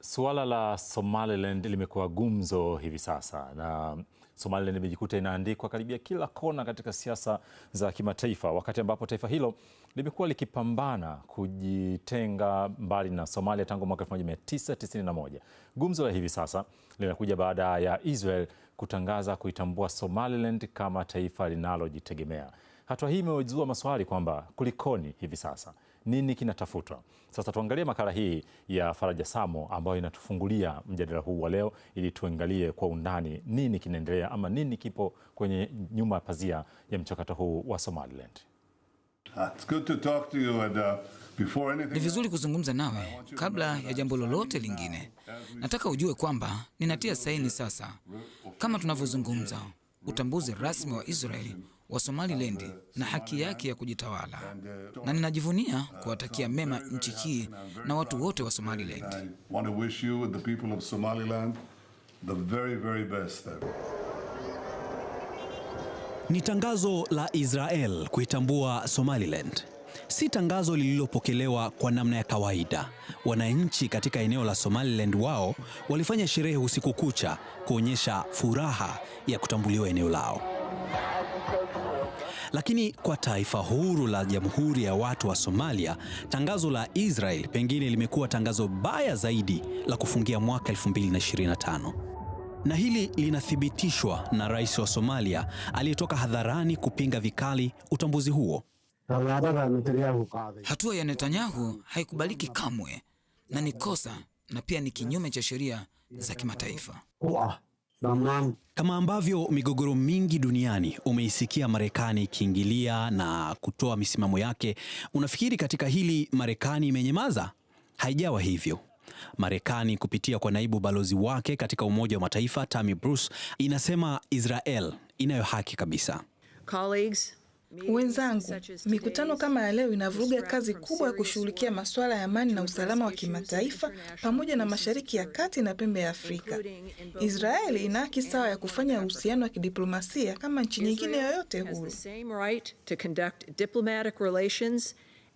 Suala la Somaliland limekuwa gumzo hivi sasa na Somaliland imejikuta inaandikwa karibia kila kona katika siasa za kimataifa, wakati ambapo taifa hilo limekuwa likipambana kujitenga mbali na Somalia tangu mwaka 1991. Gumzo la hivi sasa linakuja baada ya Israel kutangaza kuitambua Somaliland kama taifa linalojitegemea. Hatua hii imezua maswali kwamba kulikoni hivi sasa nini kinatafutwa? Sasa tuangalie makala hii ya Faraja Samo ambayo inatufungulia mjadala huu wa leo, ili tuangalie kwa undani nini kinaendelea ama nini kipo kwenye nyuma ya pazia ya mchakato huu wa Somaliland. Ah, uh, Ni vizuri kuzungumza nawe kabla ya jambo lolote lingine. Nataka ujue kwamba ninatia saini sasa. Kama tunavyozungumza, utambuzi rasmi wa Israeli wa Somaliland na haki yake ya kujitawala, na ninajivunia kuwatakia mema nchi hii na watu wote wa Somaliland. Ni tangazo la Israel kuitambua Somaliland. Si tangazo lililopokelewa kwa namna ya kawaida. Wananchi katika eneo la Somaliland wao walifanya sherehe usiku kucha kuonyesha furaha ya kutambuliwa eneo lao. Lakini kwa taifa huru la Jamhuri ya Watu wa Somalia, tangazo la Israel pengine limekuwa tangazo baya zaidi la kufungia mwaka 2025. Na hili linathibitishwa na rais wa Somalia aliyetoka hadharani kupinga vikali utambuzi huo. Hatua ya Netanyahu haikubaliki kamwe na ni kosa na pia ni kinyume cha sheria za kimataifa. Kama ambavyo migogoro mingi duniani umeisikia Marekani ikiingilia na kutoa misimamo yake, unafikiri katika hili Marekani imenyamaza? Haijawa hivyo. Marekani kupitia kwa naibu balozi wake katika Umoja wa Mataifa Tammy Bruce inasema Israel inayo haki kabisa. Colleagues. Wenzangu, mikutano kama ya leo inavuruga kazi kubwa ya kushughulikia masuala ya amani na usalama wa kimataifa pamoja na Mashariki ya Kati na pembe ya Afrika. Israeli ina haki sawa ya kufanya uhusiano wa kidiplomasia kama nchi nyingine yoyote huru.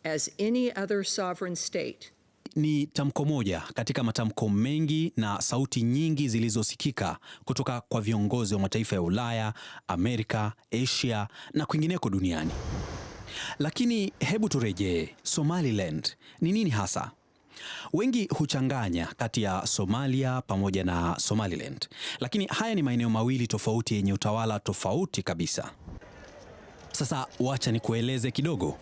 As any other sovereign state ni tamko moja katika matamko mengi na sauti nyingi zilizosikika kutoka kwa viongozi wa mataifa ya Ulaya, Amerika, Asia na kwingineko duniani. Lakini hebu turejee Somaliland ni nini hasa? Wengi huchanganya kati ya Somalia pamoja na Somaliland, lakini haya ni maeneo mawili tofauti yenye utawala tofauti kabisa. Sasa wacha nikueleze kidogo.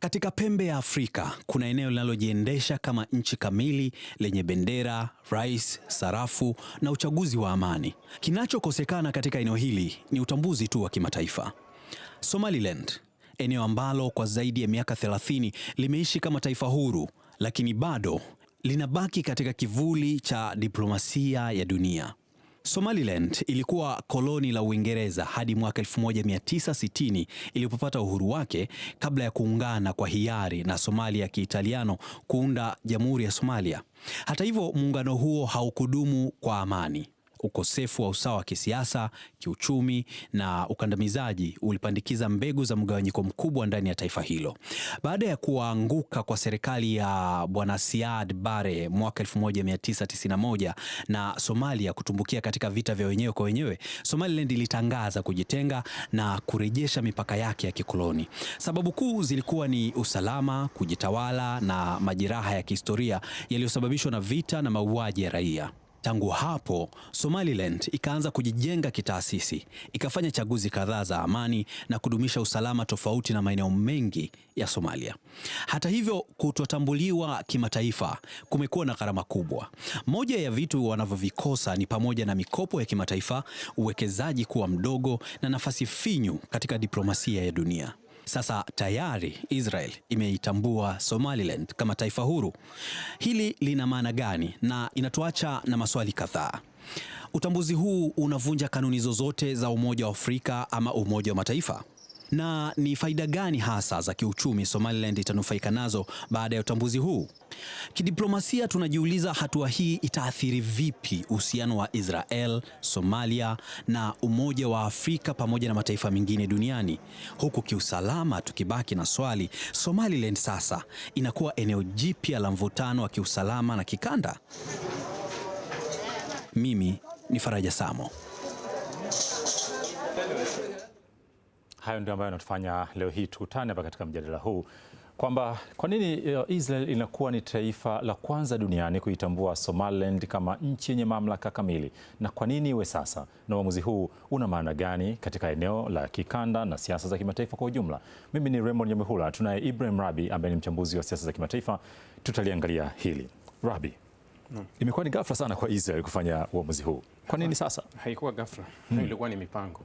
Katika pembe ya Afrika kuna eneo linalojiendesha kama nchi kamili lenye bendera, rais, sarafu na uchaguzi wa amani. Kinachokosekana katika eneo hili ni utambuzi tu wa kimataifa. Somaliland, eneo ambalo kwa zaidi ya miaka 30 limeishi kama taifa huru, lakini bado linabaki katika kivuli cha diplomasia ya dunia. Somaliland ilikuwa koloni la Uingereza hadi mwaka 1960 ilipopata uhuru wake kabla ya kuungana kwa hiari na Somalia ya Kiitaliano kuunda Jamhuri ya Somalia. Hata hivyo, muungano huo haukudumu kwa amani ukosefu wa usawa wa kisiasa, kiuchumi na ukandamizaji ulipandikiza mbegu za mgawanyiko mkubwa ndani ya taifa hilo. Baada ya kuanguka kwa serikali ya Bwana Siad Barre mwaka 1991 na Somalia kutumbukia katika vita vya wenyewe kwa wenyewe, Somaliland ilitangaza kujitenga na kurejesha mipaka yake ya kikoloni. Sababu kuu zilikuwa ni usalama, kujitawala na majeraha ya kihistoria yaliyosababishwa na vita na mauaji ya raia. Tangu hapo Somaliland ikaanza kujijenga kitaasisi, ikafanya chaguzi kadhaa za amani na kudumisha usalama tofauti na maeneo mengi ya Somalia. Hata hivyo, kutotambuliwa kimataifa kumekuwa na gharama kubwa. Moja ya vitu wanavyovikosa ni pamoja na mikopo ya kimataifa, uwekezaji kuwa mdogo na nafasi finyu katika diplomasia ya dunia. Sasa tayari Israel imeitambua Somaliland kama taifa huru. Hili lina maana gani? Na inatuacha na maswali kadhaa. Utambuzi huu unavunja kanuni zozote za Umoja wa Afrika ama Umoja wa Mataifa? Na ni faida gani hasa za kiuchumi Somaliland itanufaika nazo baada ya utambuzi huu? Kidiplomasia tunajiuliza hatua hii itaathiri vipi uhusiano wa Israel, Somalia na Umoja wa Afrika pamoja na mataifa mengine duniani. Huku kiusalama tukibaki na swali, Somaliland sasa inakuwa eneo jipya la mvutano wa kiusalama na kikanda. Mimi ni Faraja Samo. hayo ndio ambayo yanatufanya leo hii tukutane hapa katika mjadala huu kwamba kwa nini uh, Israel inakuwa ni taifa la kwanza duniani kuitambua Somaliland kama nchi yenye mamlaka kamili, na kwa nini iwe sasa, na uamuzi huu una maana gani katika eneo la kikanda na siasa za kimataifa kwa ujumla? Mimi ni Raymond Nyamwihula, tunaye Ibrahim Rahbi ambaye ni mchambuzi wa siasa za kimataifa, tutaliangalia hili. Rahbi, Hmm. Imekuwa ni ghafla sana kwa Israel kufanya uamuzi huu, kwa nini ah, sasa? Haikuwa ghafla, hmm. ilikuwa ni mipango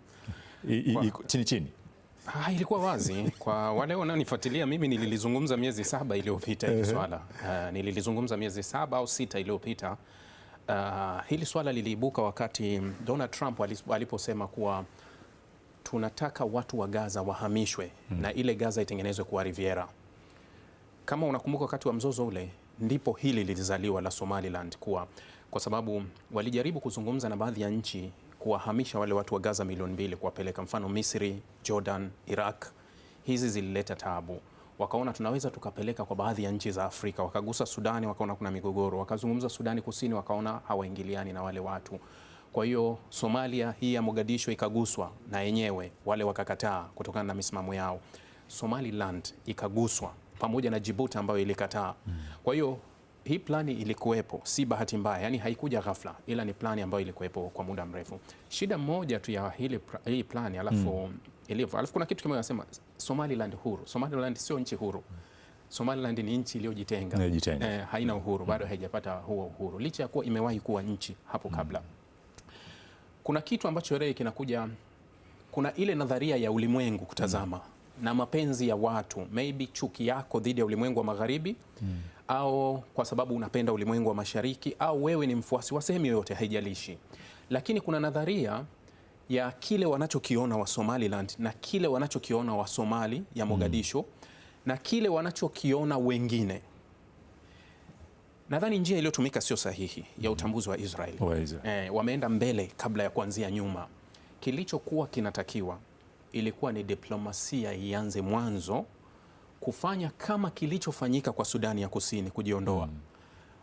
chini chini Ha, ah, ilikuwa wazi kwa wale wanaonifuatilia mimi. Nililizungumza miezi saba iliyopita hili swala uh, nililizungumza miezi saba au sita iliyopita uh, hili swala liliibuka wakati Donald Trump aliposema kuwa tunataka watu wa Gaza wahamishwe hmm, na ile Gaza itengenezwe kuwa Riviera. Kama unakumbuka wakati wa mzozo ule ndipo hili lilizaliwa la Somaliland, kuwa kwa sababu walijaribu kuzungumza na baadhi ya nchi kuwahamisha wale watu wa Gaza milioni mbili kuwapeleka mfano Misri, Jordan, Iraq. Hizi zilileta taabu, wakaona tunaweza tukapeleka kwa baadhi ya nchi za Afrika, wakagusa Sudani, wakaona kuna migogoro, wakazungumza Sudani Kusini, wakaona hawaingiliani na wale watu. Kwa hiyo Somalia hii ya Mogadishu ikaguswa na yenyewe, wale wakakataa kutokana na misimamo yao. Somaliland ikaguswa pamoja na Djibouti ambayo ilikataa. Mm. Kwa hiyo hii plani ilikuwepo, si bahati mbaya, yani haikuja ghafla, ila ni plani ambayo ilikuwepo kwa muda mrefu. Shida moja tu ya hili, hii plani alafu mm. ilivyo, alafu kuna kitu kimoja nasema Somaliland huru. Somaliland sio nchi huru. Somaliland ni nchi iliyojitenga eh, haina hmm. uhuru bado, hmm. haijapata huo uhuru licha ya kuwa imewahi kuwa nchi hapo hmm. kabla mm. kuna kitu ambacho rei kinakuja, kuna ile nadharia ya ulimwengu kutazama mm na mapenzi ya watu, maybe chuki yako dhidi ya ulimwengu wa magharibi mm. au kwa sababu unapenda ulimwengu wa mashariki, au wewe ni mfuasi wa sehemu yoyote, haijalishi. Lakini kuna nadharia ya kile wanachokiona wa Somaliland na kile wanachokiona wa Somali ya Mogadishu mm. na kile wanachokiona wengine Nadhani njia iliyotumika sio sahihi ya hmm. utambuzi wa Israeli. Israel. Eh, wameenda mbele kabla ya kuanzia nyuma. Kilichokuwa kinatakiwa ilikuwa ni diplomasia ianze mwanzo kufanya kama kilichofanyika kwa Sudani ya Kusini kujiondoa, mm.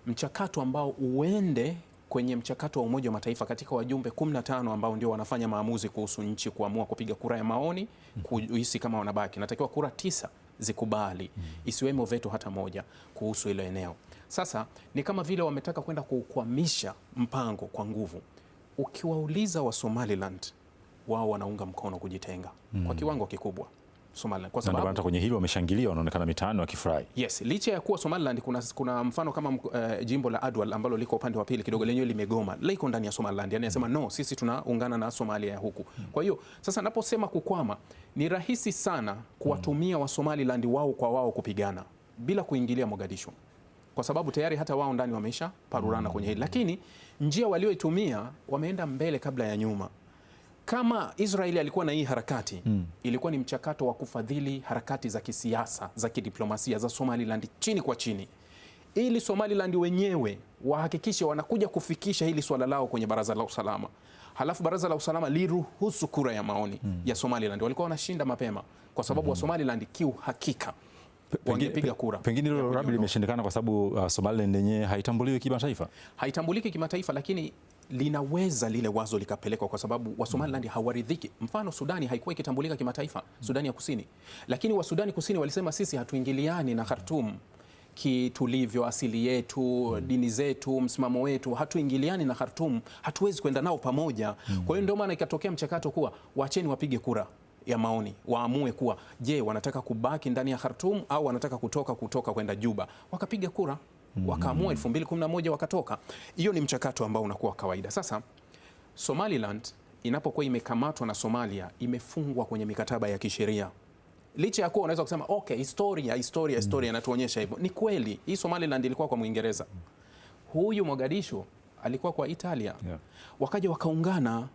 mchakato ambao uende kwenye mchakato wa Umoja wa Mataifa katika wajumbe 15 ambao ndio wanafanya maamuzi kuhusu nchi kuamua kupiga kura ya maoni mm. kuhisi kama wanabaki, natakiwa kura tisa zikubali mm. isiwemo veto hata moja kuhusu hilo eneo. Sasa ni kama vile wametaka kwenda kukwamisha mpango kwa nguvu. Ukiwauliza wa Somaliland wao wanaunga mkono kujitenga mm. kwa kiwango kikubwa Somaliland kwa sababu hata kwenye hilo wameshangilia, wanaonekana mitaani wakifurahi. Yes, licha ya kuwa Somaliland kuna, kuna mfano kama uh, jimbo la Adwal ambalo liko upande wa pili kidogo lenyewe limegoma, liko ndani ya Somaliland, yani anasema mm. no, sisi tunaungana na Somalia ya huku. mm. Kwa hiyo sasa naposema kukwama, ni rahisi sana kuwatumia mm. wa Somaliland wao kwa wao kupigana bila kuingilia Mogadishu kwa sababu tayari hata wao ndani wamesha parurana hmm. kwenye hili, lakini njia walioitumia wameenda mbele kabla ya nyuma kama Israeli alikuwa na hii harakati mm. ilikuwa ni mchakato wa kufadhili harakati za kisiasa za kidiplomasia za Somaliland chini kwa chini, ili Somaliland wenyewe wahakikishe wanakuja kufikisha hili swala lao kwenye baraza la usalama, halafu baraza la usalama liruhusu kura ya maoni mm. ya Somaliland. Walikuwa wanashinda mapema kwa sababu mm. wa hmm. Somaliland kiuhakika wangepiga kura. Pengine hilo limeshindikana kwa sababu uh, Somaliland yenyewe haitambuliwi kimataifa, haitambuliki kimataifa, lakini linaweza lile wazo likapelekwa, kwa sababu Somaliland hawaridhiki. Mfano, Sudani haikuwa ikitambulika kimataifa, hmm. Sudani ya Kusini, lakini Sudani Kusini walisema sisi hatuingiliani na Khartoum kitulivyo asili yetu mm. dini zetu, msimamo wetu, hatuingiliani na Khartoum, hatuwezi kwenda nao pamoja mm. Kwa hiyo ndio maana ikatokea mchakato kuwa wacheni wapige kura ya maoni waamue kuwa je, wanataka kubaki ndani ya Khartoum au wanataka kutoka kutoka kwenda Juba. Wakapiga kura wakaamua 2011 mm-hmm. wakatoka. Hiyo ni mchakato ambao unakuwa kawaida. Sasa Somaliland inapokuwa imekamatwa na Somalia imefungwa kwenye mikataba ya kisheria licha ya kuwa unaweza kusema okay, historia historia historia mm-hmm. inatuonyesha hivyo. Ni kweli hii Somaliland ilikuwa kwa Mwingereza, mm-hmm. huyu Mogadishu alikuwa kwa Italia, yeah. Wakaja wakaungana,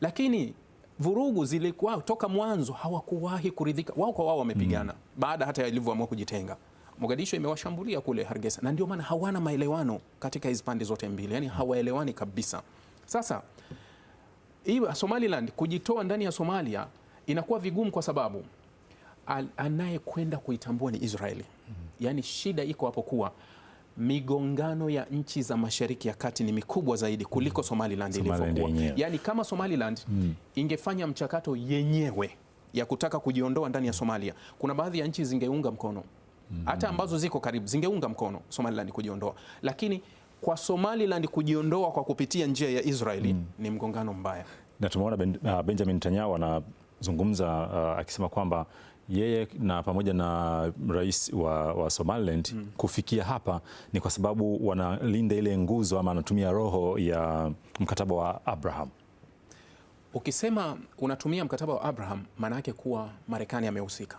lakini vurugu zilikuwa toka mwanzo, hawakuwahi kuridhika wao kwa wao, wamepigana mm. baada hata ilivyoamua kujitenga. Mogadishu imewashambulia kule Hargeisa, na ndio maana hawana maelewano katika hizi pande zote mbili, yani hawaelewani kabisa. Sasa hii Somaliland kujitoa ndani ya Somalia inakuwa vigumu kwa sababu anayekwenda kuitambua ni Israeli. Mm-hmm. Yani shida iko hapo kuwa migongano ya nchi za Mashariki ya Kati ni mikubwa zaidi kuliko mm-hmm. Somaliland ilivyokuwa. Yani kama Somaliland mm, ingefanya mchakato yenyewe ya kutaka kujiondoa ndani ya Somalia, kuna baadhi ya nchi zingeunga mkono hata mhm. ambazo ziko karibu zingeunga mkono Somaliland kujiondoa, lakini kwa Somaliland kujiondoa kwa kupitia njia ya Israeli mm. ni mgongano mbaya, na tumeona ben, uh, Benjamin Netanyahu anazungumza uh, akisema kwamba yeye na pamoja na rais wa, wa Somaliland mm. kufikia hapa ni kwa sababu wanalinda ile nguzo ama anatumia roho ya mkataba wa Abraham. Ukisema unatumia mkataba wa Abraham, maana yake kuwa Marekani amehusika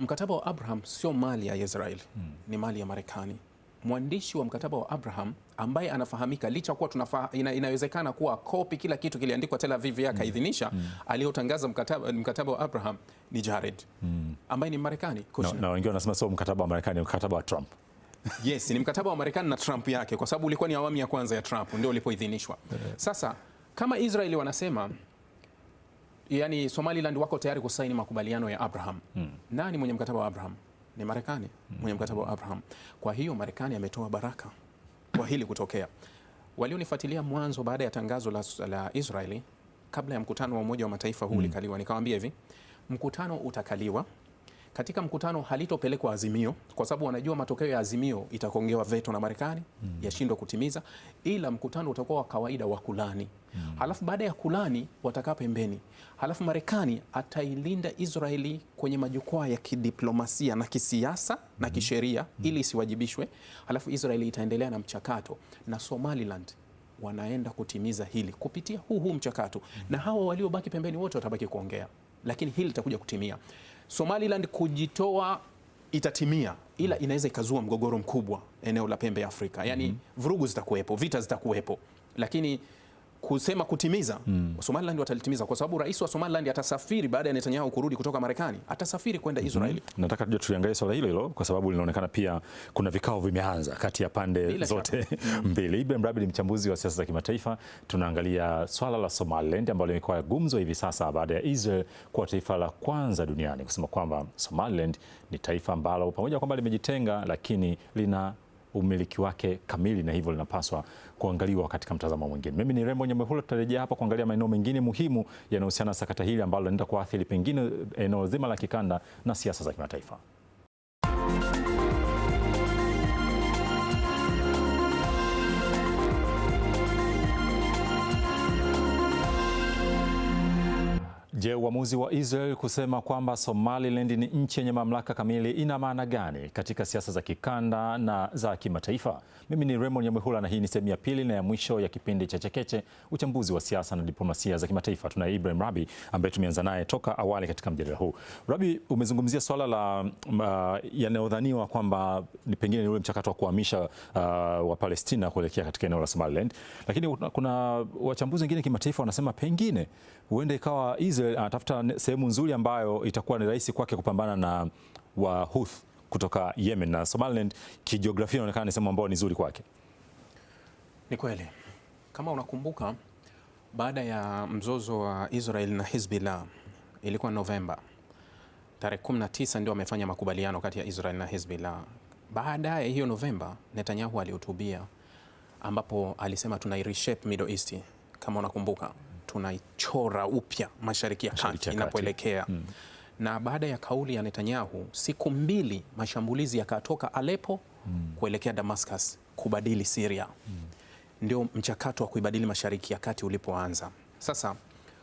mkataba wa Abraham sio mali ya Israeli hmm. Ni mali ya Marekani. Mwandishi wa mkataba wa Abraham ambaye anafahamika licha kuwa tunafa, ina, inawezekana kuwa kopi kila kitu kiliandikwa Tel Aviv akaidhinisha. Mm. mm. Aliyotangaza mkataba, mkataba wa Abraham ni Jared mm. ambaye ni Marekani na no, wengine no, wanasema sio mkataba wa Marekani, mkataba wa Trump yes, ni mkataba wa Marekani na Trump yake, kwa sababu ulikuwa ni awamu ya kwanza ya Trump ndio ulipoidhinishwa. Eh. Sasa kama Israeli wanasema yani Somaliland wako tayari kusaini makubaliano ya Abraham. Hmm. Nani mwenye mkataba wa Abraham? Ni Marekani mwenye mkataba wa Abraham. Kwa hiyo Marekani ametoa baraka kwa hili kutokea. Walionifuatilia mwanzo baada ya tangazo la, la Israeli kabla ya mkutano wa Umoja wa Mataifa huu hmm. ulikaliwa, nikawaambia hivi, mkutano utakaliwa. Katika mkutano halitopelekwa azimio, kwa sababu wanajua matokeo ya azimio itakongewa veto na Marekani, hmm. yashindwa kutimiza, ila mkutano utakuwa wa kawaida wa kulani mm. Halafu baada ya kulani watakaa pembeni, halafu Marekani atailinda Israeli kwenye majukwaa ya kidiplomasia na kisiasa mm. na mm-hmm. kisheria mm. ili isiwajibishwe, halafu Israeli itaendelea na mchakato na Somaliland wanaenda kutimiza hili kupitia huu huu mchakato mm. na hawa waliobaki pembeni wote watabaki kuongea, lakini hili litakuja kutimia. Somaliland kujitoa itatimia, ila mm. inaweza ikazua mgogoro mkubwa eneo la pembe ya Afrika, yaani mm -hmm. vurugu zitakuwepo, vita zitakuwepo, lakini kusema kutimiza mm. Somaliland watalitimiza kwa sababu rais wa Somaliland atasafiri baada ya Netanyahu kurudi kutoka Marekani, atasafiri kwenda mhm. Israel. mm -hmm. Nataka tuje tuangalie swala hilo hilo kwa sababu linaonekana pia kuna vikao vimeanza kati ya pande Bila zote mm. mbili. Ibrahim Rabi ni mchambuzi wa siasa za kimataifa, tunaangalia swala la Somaliland ambalo limekuwa gumzo hivi sasa baada ya Israel kuwa taifa la kwanza duniani kusema kwamba Somaliland ni taifa ambalo pamoja kwamba limejitenga lakini lina umiliki wake kamili na hivyo linapaswa kuangaliwa katika mtazamo mwingine. Mimi ni Rembo Nyamehula, tutarejea hapa kuangalia maeneo mengine muhimu yanayohusiana na sakata hili ambalo linaenda kuathiri pengine eneo zima la kikanda na siasa za kimataifa. Je, uamuzi wa Israel kusema kwamba Somaliland ni nchi yenye mamlaka kamili ina maana gani katika siasa za kikanda na za kimataifa? Mimi ni Raymond Nyamwihula na hii ni sehemu ya pili na ya mwisho ya kipindi cha Chekeche, uchambuzi wa siasa na diplomasia za kimataifa. Tunaye Ibrahim Rabi ambaye tumeanza naye toka awali katika mjadala huu. Rabi, umezungumzia swala la uh, yanayodhaniwa kwamba ni pengine ni ule mchakato wa kuhamisha uh, wa Palestina kuelekea katika eneo la Somaliland, lakini kuna wachambuzi wengine kimataifa wanasema pengine huenda ikawa Israel anatafuta sehemu nzuri ambayo itakuwa ni rahisi kwake kupambana na Wahouthi kutoka Yemen na Somaliland kijiografia inaonekana ni sehemu ambayo ni nzuri kwake. Ni kweli. Kama unakumbuka baada ya mzozo wa Israel na Hezbollah ilikuwa Novemba tarehe 19 ndio wamefanya makubaliano kati ya Israel na Hezbollah. Baadaye hiyo Novemba Netanyahu alihutubia ambapo alisema tuna reshape Middle East kama unakumbuka tunaichora upya Mashariki ya Kati inapoelekea mm. Na baada ya kauli ya Netanyahu, siku mbili mashambulizi yakatoka Aleppo mm. kuelekea Damascus kubadili Syria mm. Ndio mchakato wa kuibadili Mashariki ya Kati ulipoanza. Sasa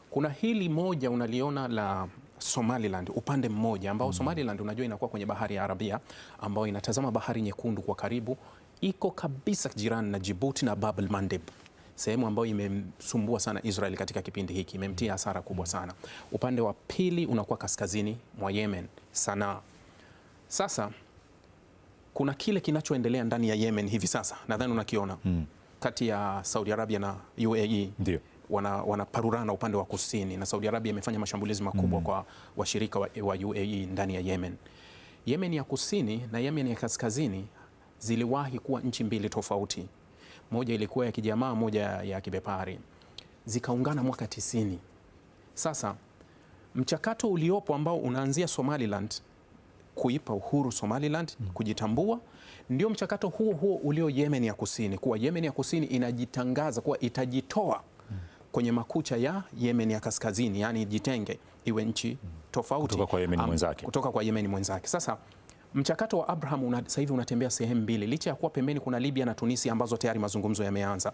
kuna hili moja unaliona la Somaliland upande mmoja ambao mm. Somaliland unajua inakuwa kwenye bahari ya Arabia ambayo inatazama bahari nyekundu kwa karibu, iko kabisa jirani na Djibouti na Bab el Mandeb sehemu ambayo imemsumbua sana Israel katika kipindi hiki, imemtia hasara kubwa sana. Upande wa pili unakuwa kaskazini mwa Yemen, Sanaa. Sasa kuna kile kinachoendelea ndani ya Yemen hivi sasa, nadhani unakiona mm. kati ya Saudi Arabia na UAE ndio wanaparurana upande wa kusini, na Saudi Arabia imefanya mashambulizi makubwa mm. kwa washirika wa, wa UAE ndani ya Yemen. Yemen ya kusini na Yemen ya kaskazini ziliwahi kuwa nchi mbili tofauti moja ilikuwa ya kijamaa, moja ya kibepari, zikaungana mwaka tisini. Sasa mchakato uliopo ambao unaanzia Somaliland kuipa uhuru Somaliland mm. kujitambua, ndio mchakato huo huo ulio Yemen ya Kusini, kuwa Yemen ya Kusini inajitangaza kuwa itajitoa mm. kwenye makucha ya Yemen ya Kaskazini, yaani jitenge iwe nchi mm. tofauti kutoka kwa yemen mwenzake. Sasa Mchakato wa Abraham una, sasa hivi unatembea sehemu mbili, licha ya kuwa pembeni kuna Libya na Tunisia ambazo tayari mazungumzo yameanza.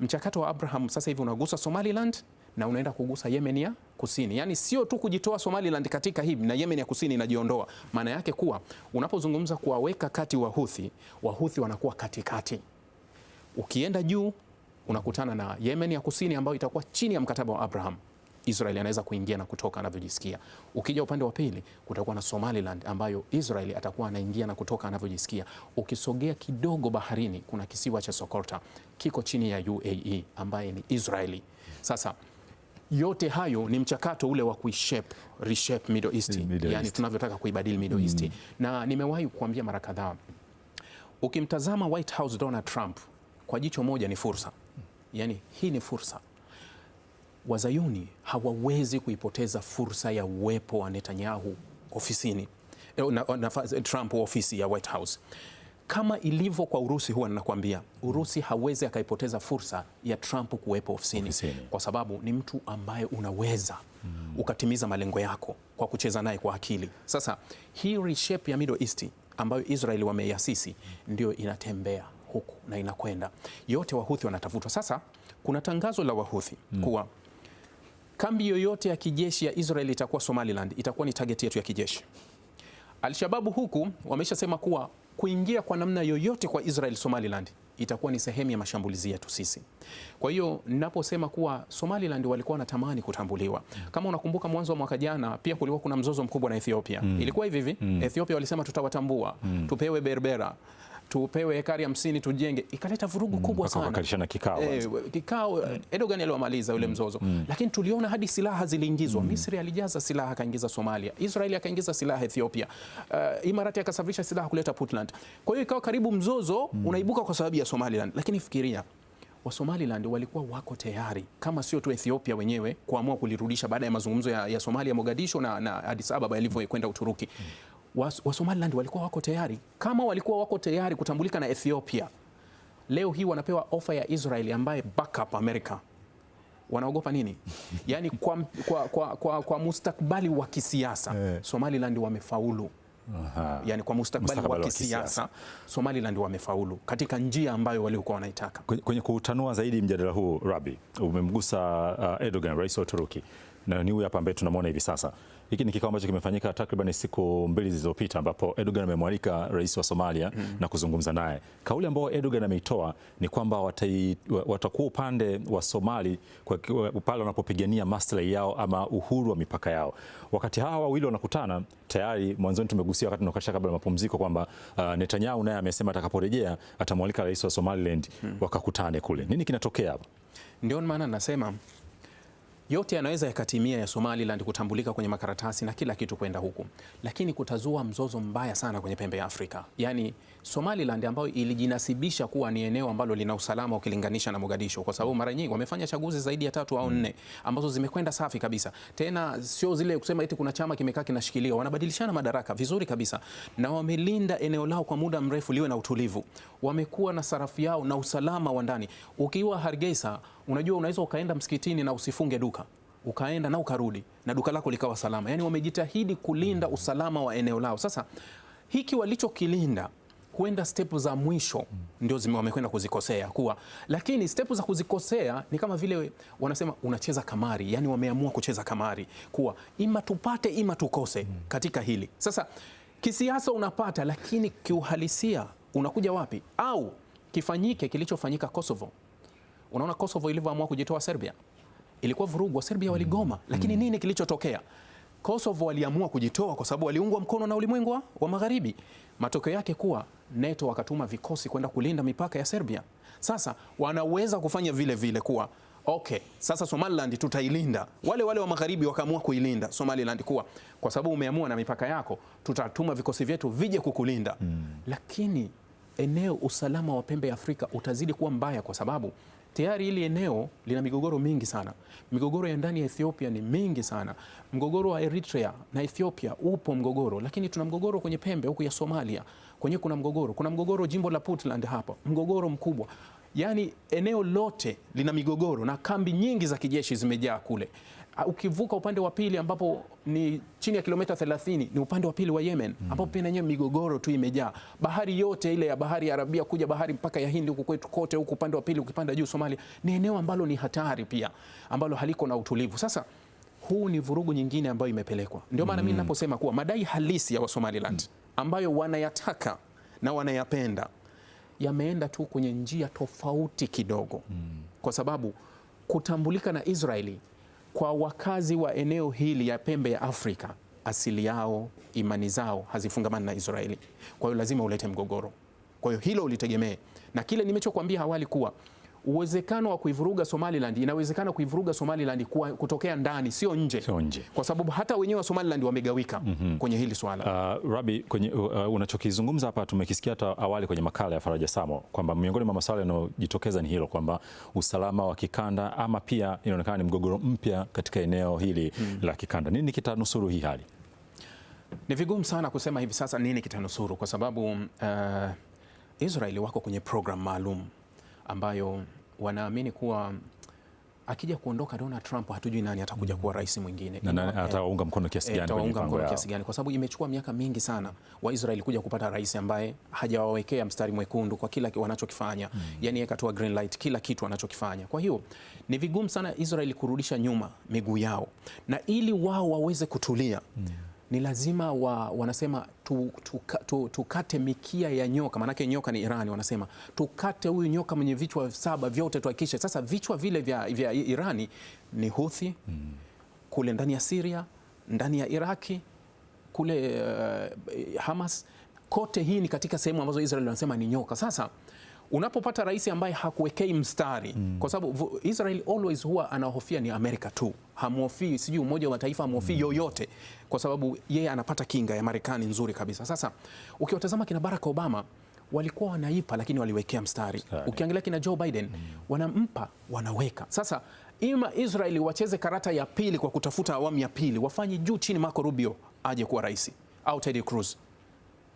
Mchakato wa Abraham sasa hivi unagusa Somaliland na unaenda kugusa Yemen ya kusini, yaani sio tu kujitoa Somaliland katika hivi na Yemen ya kusini inajiondoa. Maana yake kuwa unapozungumza kuwaweka kati Wahuthi, Wahuthi wanakuwa katikati. Ukienda juu unakutana na Yemen ya kusini ambayo itakuwa chini ya mkataba wa Abraham. Israel anaweza kuingia na kutoka anavyojisikia. Ukija upande wa pili, kutakuwa na Somaliland ambayo Israel atakuwa anaingia na kutoka anavyojisikia. Ukisogea kidogo baharini, kuna kisiwa cha Sokota kiko chini ya UAE ambaye ni Israeli. Sasa yote hayo ni mchakato ule wa kuishape reshape Middle East, Middle yani tunavyotaka kuibadili Middle East mm. Na nimewahi kuambia mara kadhaa, ukimtazama White House Donald Trump kwa jicho moja ni fursa, yani hii ni fursa Wazayuni hawawezi kuipoteza fursa ya uwepo wa Netanyahu ofisini eh, na, na, Trump ofisi ya White House kama ilivyo kwa Urusi. Huwa ninakwambia Urusi hawezi akaipoteza fursa ya Trump kuwepo ofisini, ofisini, kwa sababu ni mtu ambaye unaweza mm, ukatimiza malengo yako kwa kucheza naye kwa akili. Sasa hii reshape ya Middle East ambayo israel wameiasisi ndio inatembea huku na inakwenda yote, Wahuthi wanatafutwa. Sasa kuna tangazo la Wahuthi mm, kuwa kambi yoyote ya kijeshi ya Israel itakuwa Somaliland, itakuwa ni target yetu ya kijeshi. Alshababu huku wameshasema kuwa kuingia kwa namna yoyote kwa Israel Somaliland itakuwa ni sehemu ya mashambulizi yetu sisi. Kwa hiyo ninaposema kuwa Somaliland walikuwa wanatamani kutambuliwa, kama unakumbuka mwanzo wa mwaka jana pia kulikuwa kuna mzozo mkubwa na Ethiopia mm. ilikuwa hivi hivi mm. Ethiopia walisema tutawatambua mm. tupewe Berbera tupewe hekari hamsini tujenge, ikaleta vurugu mm, kubwa sana, wakalishana kikao e, kikao Erdogan eh, mm. aliwamaliza yule mm. mzozo mm. Lakini tuliona hadi silaha ziliingizwa mm. Misri alijaza silaha akaingiza Somalia, Israeli akaingiza silaha Ethiopia, uh, Imarati akasafirisha silaha kuleta Puntland. Kwa hiyo ikawa karibu mzozo mm. unaibuka kwa sababu ya Somaliland, lakini fikiria wa Somaliland walikuwa wako tayari kama sio tu Ethiopia wenyewe kuamua kulirudisha baada ya mazungumzo ya, ya Somalia Mogadishu na, na Addis Ababa yalivyokwenda Uturuki mm wa Somaliland walikuwa wako tayari. Kama walikuwa wako tayari kutambulika na Ethiopia, leo hii wanapewa ofa ya israel ambaye backup America, wanaogopa nini? Yani kwa, kwa, kwa, kwa, kwa mustakbali wa kisiasa hey. Eh. Somaliland wamefaulu. Aha. Yani kwa mustakbali wa kisiasa Somaliland wamefaulu katika njia ambayo waliokuwa wanaitaka. Kwenye kutanua zaidi mjadala huu, Rabi, umemgusa uh, Erdogan, rais wa Uturuki, na ni huyu hapa ambaye tunamwona hivi sasa. Hiki ni kikao ambacho kimefanyika takriban siku mbili zilizopita, ambapo Erdogan amemwalika rais wa Somalia mm na kuzungumza naye. Kauli ambayo Erdogan ameitoa ni kwamba watakuwa upande wa Somali pale wanapopigania maslahi yao ama uhuru wa mipaka yao. Wakati hawa wawili wanakutana, tayari mwanzoni tumegusia wakati tunakasha kabla ya mapumziko kwamba uh, Netanyahu naye amesema atakaporejea atamwalika rais wa Somaliland mm wakakutane kule. Nini kinatokea hapa? Ndio maana nasema yote yanaweza yakatimia ya Somaliland kutambulika kwenye makaratasi na kila kitu kwenda huku, lakini kutazua mzozo mbaya sana kwenye pembe ya Afrika. Yaani Somaliland ambayo ilijinasibisha kuwa ni eneo ambalo lina usalama ukilinganisha na Mogadishu, kwa sababu mara nyingi wamefanya chaguzi zaidi ya tatu au mm. nne ambazo zimekwenda safi kabisa, tena sio zile kusema eti kuna chama kimekaa kinashikilia, wanabadilishana madaraka vizuri kabisa, na wamelinda eneo lao kwa muda mrefu liwe na utulivu. Wamekuwa na sarafu yao na usalama wa ndani. Ukiwa Hargeisa Unajua, unaweza ukaenda msikitini na usifunge duka ukaenda na ukarudi na duka lako likawa salama. Yani wamejitahidi kulinda usalama wa eneo lao. Sasa hiki walichokilinda huenda step za mwisho ndio wamekwenda kuzikosea kuwa, lakini step za kuzikosea ni kama vile wanasema unacheza kamari, yani wameamua kucheza kamari kuwa ima tupate ima tukose katika hili. Sasa kisiasa unapata, lakini kiuhalisia unakuja wapi? Au kifanyike kilichofanyika Kosovo. Unaona Kosovo ilivyoamua kujitoa Serbia, ilikuwa vurugu, Serbia waligoma, mm. lakini mm. nini kilichotokea? Kosovo waliamua kujitoa kwa sababu waliungwa mkono na ulimwengu wa Magharibi. Matokeo yake kuwa NATO wakatuma vikosi kwenda kulinda mipaka ya Serbia. Sasa wanaweza kufanya vile vile kuwa okay, sasa Somaliland tutailinda. Wale wale wa Magharibi wakaamua kuilinda Somaliland kuwa kwa sababu umeamua na mipaka yako, tutatuma vikosi vyetu vije kukulinda mm. Lakini eneo usalama wa pembe ya Afrika utazidi kuwa mbaya kwa sababu tayari hili eneo lina migogoro mingi sana. Migogoro ya ndani ya Ethiopia ni mingi sana. Mgogoro wa Eritrea na Ethiopia upo mgogoro, lakini tuna mgogoro kwenye pembe huku ya Somalia kwenye kuna mgogoro, kuna mgogoro jimbo la Puntland hapa, mgogoro mkubwa. Yaani eneo lote lina migogoro na kambi nyingi za kijeshi zimejaa kule, Ah, ukivuka upande wa pili ambapo ni chini ya kilomita 30 ni upande wa pili wa Yemen mm. ambapo pia nenyewe migogoro tu imejaa. Bahari yote ile ya bahari ya Arabia kuja bahari mpaka ya Hindi huku kwetu kote huku upande wa pili ukipanda juu Somalia ni eneo ambalo ni hatari pia ambalo haliko na utulivu. Sasa huu ni vurugu nyingine ambayo imepelekwa. Ndio maana mm. mimi hmm. ninaposema kuwa madai halisi ya Wasomaliland mm. ambayo wanayataka na wanayapenda yameenda tu kwenye njia tofauti kidogo mm. kwa sababu kutambulika na Israeli kwa wakazi wa eneo hili ya pembe ya Afrika, asili yao, imani zao hazifungamani na Israeli. Kwa hiyo lazima ulete mgogoro. Kwa hiyo hilo ulitegemee, na kile nimechokwambia awali kuwa uwezekano wa kuivuruga Somaliland inawezekana kuivuruga Somaliland kutokea ndani, sio nje, sio nje, kwa sababu hata wenyewe wa Somaliland wamegawika mm -hmm. kwenye hili swala uh, Rabi kwenye uh, uh, unachokizungumza hapa tumekisikia hata awali kwenye makala ya Faraja Samo kwamba miongoni mwa masuala yanayojitokeza ni hilo kwamba usalama wa kikanda ama pia inaonekana ni mgogoro mpya katika eneo hili mm. la kikanda. Nini kitanusuru hii hali? Ni vigumu sana kusema hivi sasa nini kitanusuru kwa sababu uh, Israeli wako kwenye program maalum ambayo wanaamini kuwa akija kuondoka Donald Trump hatujui nani atakuja kuwa rais mwingine, atawaunga mkono kiasi gani, atawaunga mkono kiasi gani, kwa sababu imechukua miaka mingi sana Israel kuja kupata rais ambaye hajawawekea mstari mwekundu kwa kila wanachokifanya mm. Yani katoa green light kila kitu anachokifanya Kwa hiyo ni vigumu sana israel kurudisha nyuma miguu yao, na ili wao waweze kutulia mm ni lazima wa, wanasema tukate tu, tu, tu, mikia ya nyoka, maanake nyoka ni Irani. Wanasema tukate huyu nyoka mwenye vichwa saba vyote tuhakikishe. Sasa vichwa vile vya, vya Irani ni huthi mm. kule ndani ya siria ndani ya Iraki kule uh, Hamas kote. Hii ni katika sehemu ambazo Israel wanasema ni nyoka. Sasa unapopata rais ambaye hakuwekei mstari mm. kwa sababu Israel always huwa anahofia ni Amerika tu, hamhofii sijui Umoja wa Mataifa, hamhofii mm. yoyote, kwa sababu yeye anapata kinga ya Marekani nzuri kabisa. Sasa ukiwatazama kina Barack Obama walikuwa wanaipa lakini waliwekea mstari. Ukiangalia kina Joe Biden mm. wanampa wanaweka. Sasa ima Israeli wacheze karata ya pili kwa kutafuta awamu ya pili, wafanye juu chini, Marco Rubio aje kuwa rais au Ted Cruz,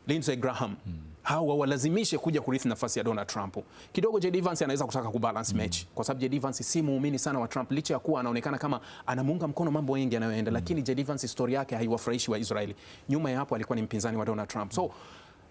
Lindsey Graham mm au wawalazimishe kuja kurithi nafasi ya Donald Trump. Kidogo JD Vance anaweza kutaka kubalance mm. mechi kwa sababu JD Vance si muumini sana wa Trump, licha ya kuwa anaonekana kama anamuunga mkono mambo mengi yanayoenda mm. lakini JD Vance historia yake haiwafurahishi wa Israeli. Nyuma ya hapo alikuwa ni mpinzani wa Donald Trump. So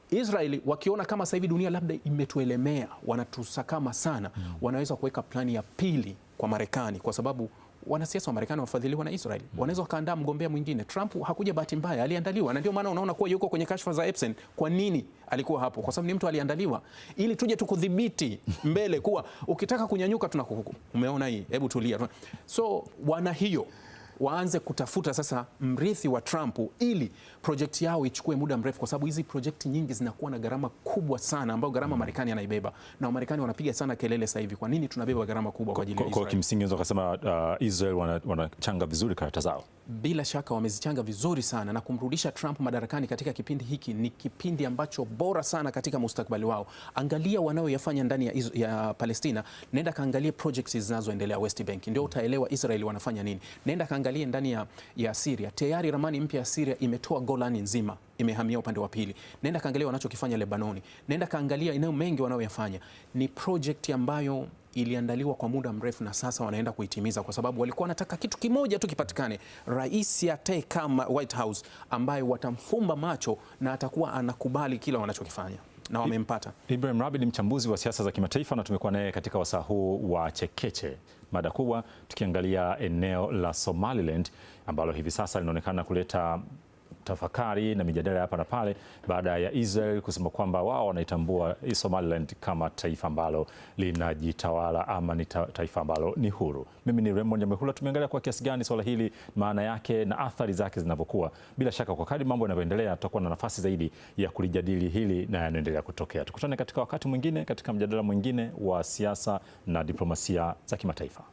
Israeli wakiona kama sasa hivi dunia labda imetuelemea, wanatusakama sana mm. wanaweza kuweka plani ya pili kwa Marekani kwa sababu wanasiasa wa Marekani wafadhiliwa na Israel, wanaweza wakaandaa mgombea mwingine. Trump hakuja bahati mbaya, aliandaliwa, na ndio maana unaona kuwa yuko kwenye kashfa za Epstein. Kwa nini alikuwa hapo? Kwa sababu ni mtu aliandaliwa, ili tuje tukudhibiti mbele, kuwa ukitaka kunyanyuka tuna Umeona hii? Hebu tulia. So wana hiyo waanze kutafuta sasa mrithi wa Trump ili project yao ichukue muda mrefu, kwa sababu hizi project nyingi zinakuwa na gharama kubwa sana, ambayo gharama mm. Marekani anaibeba, na Wamarekani wanapiga sana kelele sasa hivi, kwa nini tunabeba gharama kubwa kwa ajili ya Israel? Kwa kimsingi unaweza kusema uh, Israel wanachanga wana vizuri karata zao bila shaka wamezichanga vizuri sana na kumrudisha Trump madarakani katika kipindi hiki ni kipindi ambacho bora sana katika mustakabali wao. Angalia wanayoyafanya ndani ya, ya Palestina, nenda kaangalie projects zinazoendelea West Bank, ndio utaelewa Israel wanafanya nini. Nenda kaangalie ndani ya, ya Syria, tayari ramani mpya ya Syria imetoa Golani nzima imehamia upande wa pili. Naenda kaangalia wanachokifanya Lebanoni, naenda kaangalia eneo mengi wanayoyafanya. Ni project ambayo iliandaliwa kwa muda mrefu na sasa wanaenda kuitimiza, kwa sababu walikuwa wanataka kitu kimoja tu kipatikane, rais atae kama White House ambaye watamfumba macho na atakuwa anakubali kila wanachokifanya na wamempata. Ibrahim Rabi ni mchambuzi wa siasa za kimataifa na tumekuwa naye katika wasaa huu wa Chekeche, mada kubwa tukiangalia eneo la Somaliland ambalo hivi sasa linaonekana kuleta tafakari na mijadala hapa na pale baada ya Israel kusema kwamba wao wanaitambua Somaliland kama taifa ambalo linajitawala ama ni taifa ambalo ni huru. Mimi ni Raymond Nyamwihula. Tumeangalia kwa kiasi gani swala hili, maana yake na athari zake zinavyokuwa. Bila shaka kwa kadri mambo yanavyoendelea, tutakuwa na nafasi zaidi ya kulijadili hili na yanaendelea kutokea. Tukutane katika wakati mwingine, katika mjadala mwingine wa siasa na diplomasia za kimataifa.